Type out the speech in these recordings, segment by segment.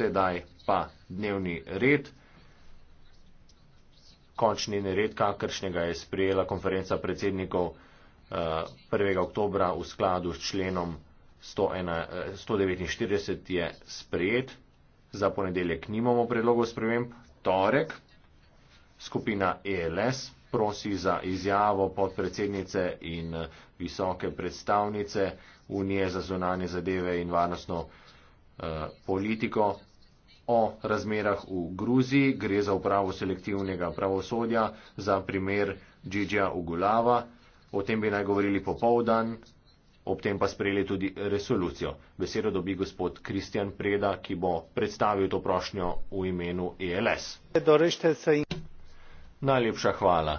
sedaj pa dnevni red, končni red, kakršnega je sprejela konferenca predsednikov 1. Eh, oktobra v skladu s členom 149 eh, je sprejet. Za ponedeljek nimamo predlogov sprememb. Torek skupina ELS prosi za izjavo podpredsednice in eh, visoke predstavnice Unije za zunanje zadeve in varnostno politiko o razmerah v Gruziji, gre za upravo selektivnega pravosodja, za primer Džidžja Ugulava, o tem bi naj govorili popovdan, ob tem pa sprejeli tudi resolucijo. Besedo dobi gospod Kristjan Preda, ki bo predstavil to prošnjo v imenu ELS. Najlepša hvala,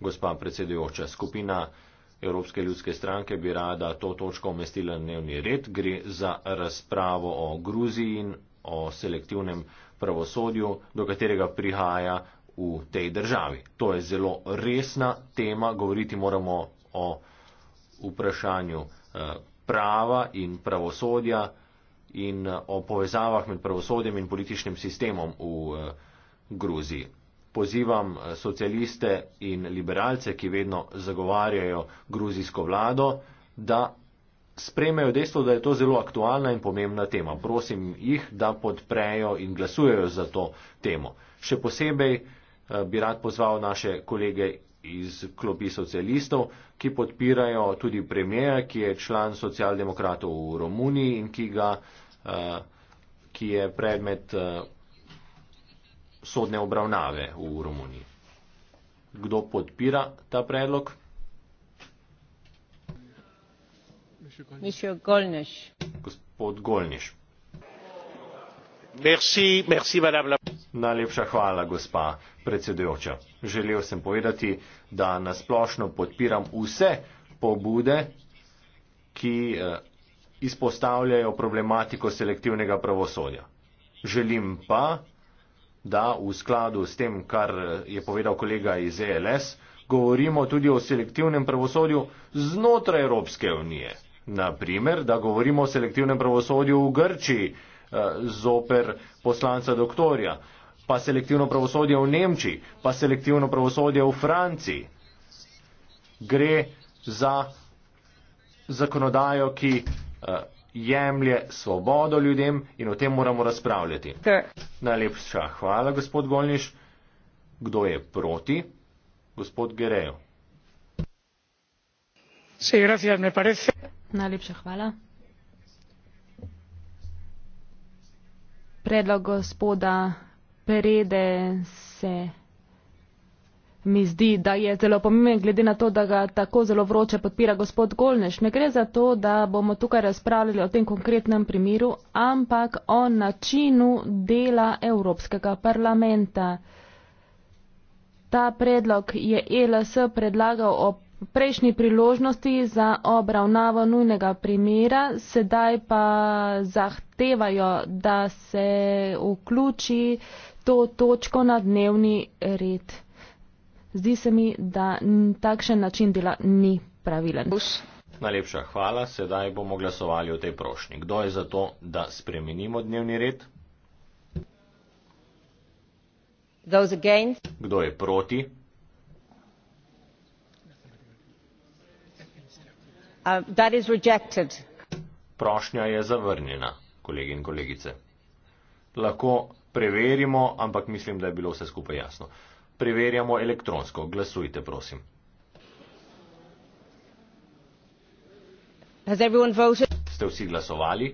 gospa predsedujoča. Skupina Evropske ljudske stranke bi rada to točko umestila na dnevni red. Gre za razpravo o Gruziji in o selektivnem pravosodju, do katerega prihaja v tej državi. To je zelo resna tema, govoriti moramo o vprašanju eh, prava in pravosodja in eh, o povezavah med pravosodjem in političnim sistemom v eh, Gruziji. Pozivam socialiste in liberalce, ki vedno zagovarjajo gruzijsko vlado, da spremejo dejstvo, da je to zelo aktualna in pomembna tema. Prosim jih, da podprejo in glasujejo za to temo. Še posebej eh, bi rad pozval naše kolege iz klopi socialistov, ki podpirajo tudi premijeja, ki je član socialdemokratov v Romuniji in ki, ga, eh, ki je predmet eh, sodne obravnave v Romuniji. Kdo podpira ta predlog? najlepša hvala gospa predsedujoča želel sem povedati da na splošno podpiram vse pobude ki eh, izpostavljajo problematiko selektivnega pravosodja želim pa da v skladu s tem, kar eh, je povedal kolega iz ELS, govorimo tudi o selektivnem pravosodju znotraj Evropske unije. Naprimer, da govorimo o selektivnem pravosodju v Grčiji eh, zoper poslanca doktorja, pa selektivno pravosodje v Nemčiji, pa selektivno pravosodje v Franciji. Gre za zakonodajo, ki eh, jemlje svobodo ljudem in o tem moramo razpravljati. Da. Najlepša hvala, gospod Golniš. Kdo je proti? Gospod Gerejo. Sí, gracias, me parece. Najlepša hvala. Predlog gospoda Perede se mi zdi, da je zelo pomemben, glede na to, da ga tako zelo vroče podpira gospod Golneš. Ne gre za to, da bomo tukaj razpravljali o tem konkretnem primeru, ampak o načinu dela Evropskega parlamenta. Ta predlog je ELS predlagal o V prejšnji priložnosti za obravnavo nujnega primera, sedaj pa zahtevajo, da se vključi to točko na dnevni red. Zdi se mi, da takšen način dela ni pravilen. Najlepša hvala, sedaj bomo glasovali o tej prošnji. Kdo je za to, da spremenimo dnevni red? Kdo je proti? Uh, Prošnja je zavrnjena, kolegi in kolegice. Lahko preverimo, ampak mislim, da je bilo vse skupaj jasno. Preverjamo elektronsko. Glasujte, prosim. Ste vsi glasovali?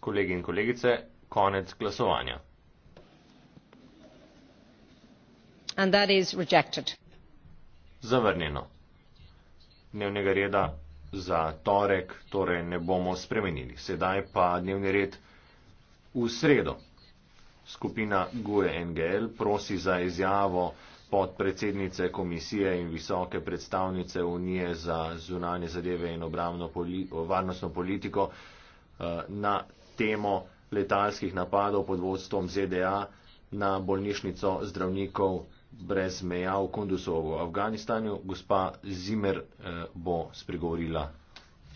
Kolegi in kolegice, konec glasovanja. Zavrnjeno dnevnega reda za torek, torej ne bomo spremenili. Sedaj pa dnevni red v sredo. Skupina GUE NGL prosi za izjavo podpredsednice komisije in visoke predstavnice Unije za zunanje zadeve in obramno poli varnostno politiko eh, na temo letalskih napadov pod vodstvom ZDA na bolnišnico zdravnikov brez meja v Kundusovu v Afganistanu. Gospa Zimer eh, bo spregovorila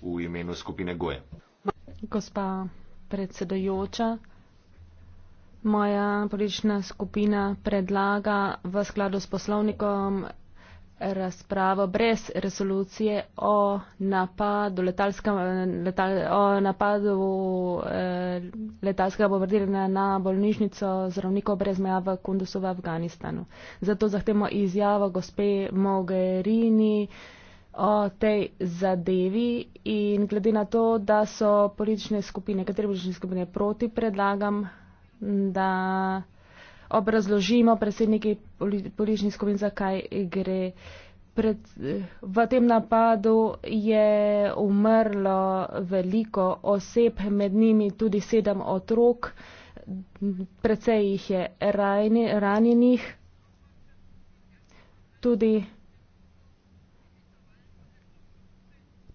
v imenu skupine Goje. Gospa predsedojoča, moja politična skupina predlaga v skladu s poslovnikom razpravo brez resolucije o napadu, letalskem, letal, o napadu eh, letalskega bombardiranja na bolnišnico zdravnikov brez meja v Kundusu v Afganistanu. Zato zahtemo izjavo gospe Mogherini o tej zadevi in glede na to, da so politične skupine, katere politične skupine proti, predlagam, da obrazložimo predsedniki političnih skupin, zakaj gre. Pred, v tem napadu je umrlo veliko oseb, med njimi tudi sedem otrok, precej jih je ranjenih. Tudi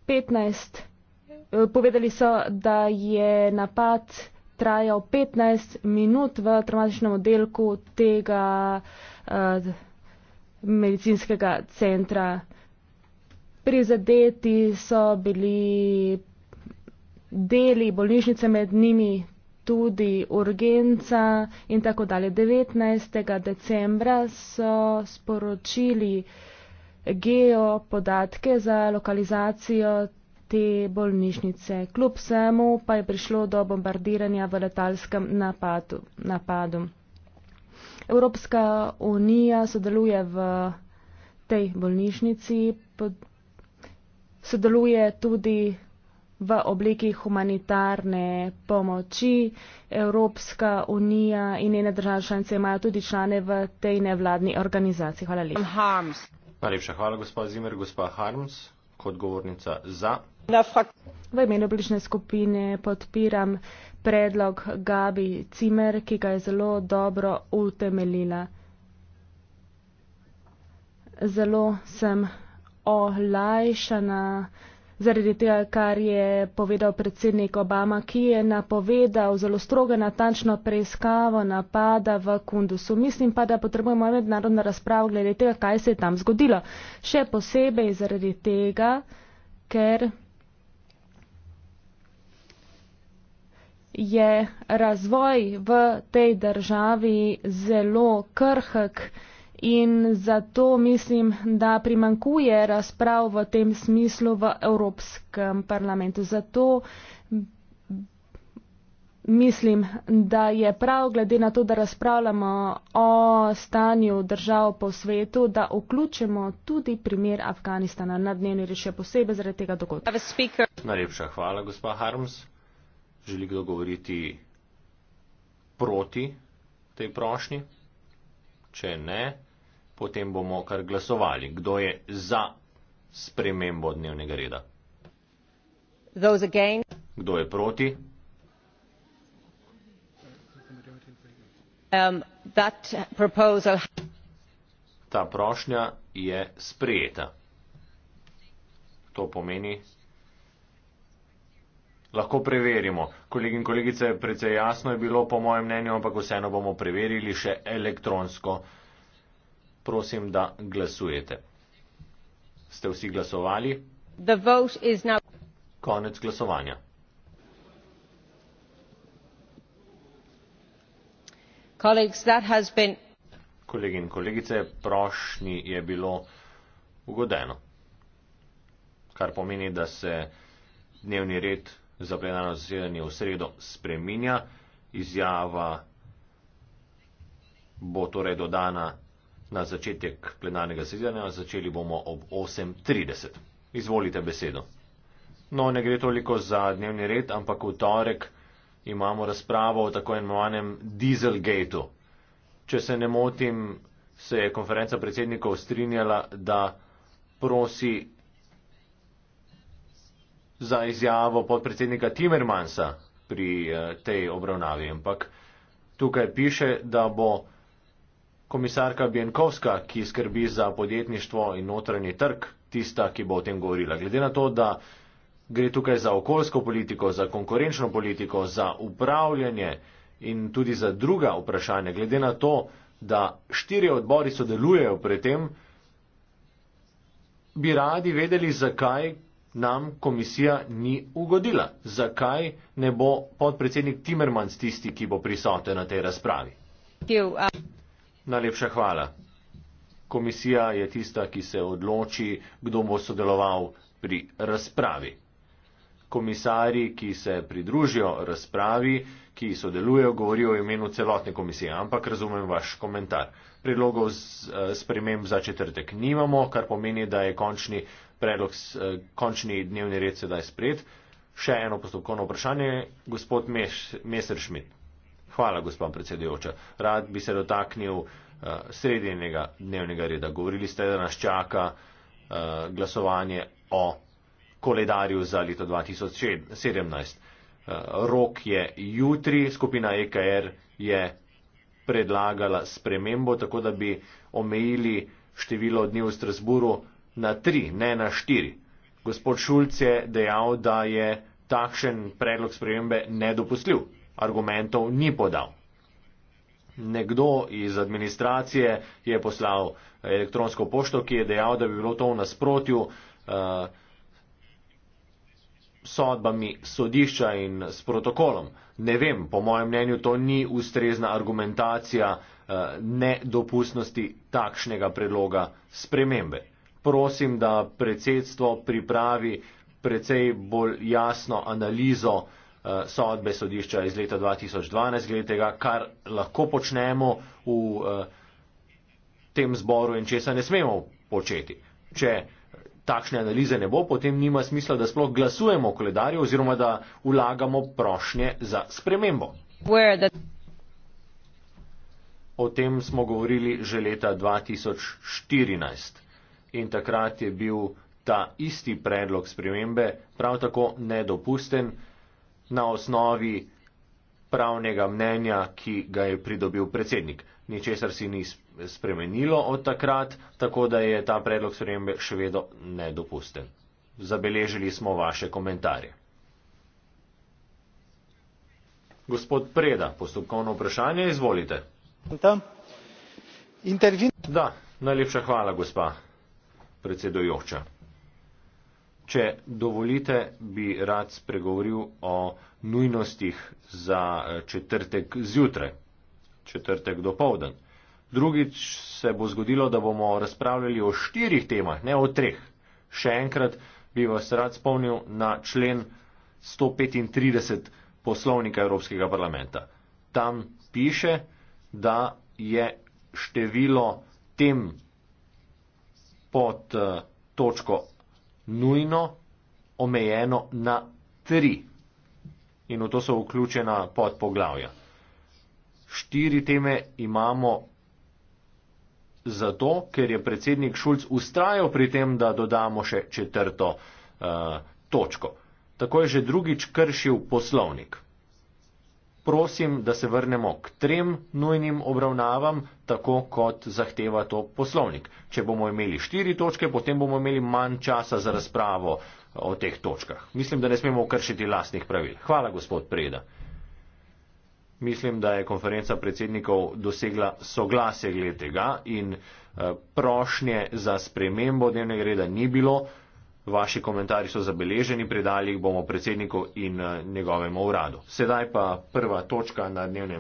15, eh, povedali so, da je napad trajal 15 minut v travmatičnem oddelku tega uh, medicinskega centra. Prizadeti so bili deli bolnišnice, med njimi tudi urgenca in tako dalje. 19. decembra so sporočili geo podatke za lokalizacijo te bolnišnice. Kljub vsemu pa je prišlo do bombardiranja v letalskem napadu. napadu. Evropska unija sodeluje v tej bolnišnici, sodeluje tudi v obliki humanitarne pomoči. Evropska unija in njene države članice imajo tudi člane v tej nevladni organizaciji. Hvala lepa. Najlepša hvala, gospod Zimmer, gospod Harms kot govornica za. V imenu bližne skupine podpiram predlog Gabi Cimer, ki ga je zelo dobro utemeljila. Zelo sem olajšana zaradi tega, kar je povedal predsednik Obama, ki je napovedal zelo strogo natančno preiskavo napada v Kundusu. Mislim pa, da potrebujemo mednarodno razpravo glede tega, kaj se je tam zgodilo. Še posebej zaradi tega, ker je razvoj v tej državi zelo krhk. In zato mislim, da primankuje razprav v tem smislu v Evropskem parlamentu. Zato mislim, da je prav, glede na to, da razpravljamo o stanju držav po svetu, da vključimo tudi primer Afganistana na dnevni red, še posebej zaradi tega dogodka. Najlepša hvala, gospa Harms. Želi kdo govoriti proti tej prošnji? Če ne, potem bomo kar glasovali, kdo je za spremembo dnevnega reda. Kdo je proti? Um, Ta prošnja je sprejeta. To pomeni, lahko preverimo. Kolegi in kolegice, precej jasno je bilo po mojem mnenju, ampak vseeno bomo preverili še elektronsko prosim, da glasujete. Ste vsi glasovali? Now... Konec glasovanja. Colleagues, been... Kolegi in kolegice, prošnji je bilo ugodeno, kar pomeni, da se dnevni red za plenarno zasedanje v sredo spreminja. Izjava bo torej dodana na začetek plenarnega sezona, začeli bomo ob 8.30. Izvolite besedo. No, ne gre toliko za dnevni red, ampak v torek imamo razpravo o tako imenovanem Dieselgateu. Če se ne motim, se je konferenca predsednikov strinjala, da prosi za izjavo podpredsednika Timermansa pri eh, tej obravnavi. Ampak tukaj piše, da bo Komisarka Bjenkovska, ki skrbi za podjetništvo in notranji trg, tista, ki bo o tem govorila. Glede na to, da gre tukaj za okoljsko politiko, za konkurenčno politiko, za upravljanje in tudi za druga vprašanja, glede na to, da štiri odbori sodelujejo pri tem, bi radi vedeli, zakaj nam komisija ni ugodila, zakaj ne bo podpredsednik Timermans tisti, ki bo prisoten na tej razpravi. Thank you. Uh Najlepša hvala. Komisija je tista, ki se odloči, kdo bo sodeloval pri razpravi. Komisari, ki se pridružijo razpravi, ki sodelujejo, govorijo v imenu celotne komisije, ampak razumem vaš komentar. Predlogov eh, sprememb za četrtek nimamo, kar pomeni, da je končni, predlog, eh, končni dnevni red sedaj spred. Še eno postopkovno vprašanje, gospod Messerschmidt. Hvala, gospod predsedujoča. Rad bi se dotaknil uh, srednjega dnevnega reda. Govorili ste, da nas čaka uh, glasovanje o koledarju za leto 2017. Uh, eh, rok je jutri, skupina EKR je predlagala spremembo, tako da bi omejili število dni v Strasburu na tri, ne na štiri. Gospod Šulc je dejal, da je takšen predlog spremembe nedopustljiv argumentov ni podal. Nekdo iz administracije je poslal elektronsko pošto, ki je dejal, da bi bilo to v nasprotju uh, sodbami sodišča in s protokolom. Ne vem, po mojem mnenju to ni ustrezna argumentacija uh, nedopustnosti takšnega predloga spremembe. Prosim, da predsedstvo pripravi precej bolj jasno analizo uh, Eh, sodbe sodišča iz leta 2012, glede tega, kar lahko počnemo v eh, tem zboru in česa ne smemo početi. Če takšne analize ne bo, potem nima smisla, da sploh glasujemo o koledarju oziroma da vlagamo prošnje za spremembo. O tem smo govorili že leta 2014 in takrat je bil ta isti predlog spremembe prav tako nedopusten na osnovi pravnega mnenja, ki ga je pridobil predsednik. Ničesar si ni spremenilo od takrat, tako da je ta predlog spremembe še vedno nedopusten. Zabeležili smo vaše komentarje. Gospod Preda, postopkovno vprašanje, izvolite. Da, najlepša hvala, gospa predsedujoča. Če dovolite, bi rad spregovoril o nujnostih za eh, četrtek zjutraj, četrtek do povdan. Drugič se bo zgodilo, da bomo razpravljali o štirih temah, ne o treh. Še enkrat bi vas rad spomnil na člen 135 poslovnika Evropskega parlamenta. Tam piše, da je število tem pod eh, točko nujno omejeno na tri. In v to so vključena podpoglavja. Štiri teme imamo zato, ker je predsednik Šulc ustrajal pri tem, da dodamo še četrto uh, točko. Tako je že drugič kršil poslovnik prosim, da se vrnemo k trem nujnim obravnavam, tako kot zahteva to poslovnik. Če bomo imeli štiri točke, potem bomo imeli manj časa za razpravo o teh točkah. Mislim, da ne smemo kršiti lastnih pravil. Hvala, gospod Preda. Mislim, da je konferenca predsednikov dosegla soglasje glede tega in eh, prošnje za spremembo dnevnega reda ni bilo. Vaši komentarji so zabeleženi, predali jih bomo predsedniku in eh, njegovemu uradu. Sedaj pa prva točka na dnevnem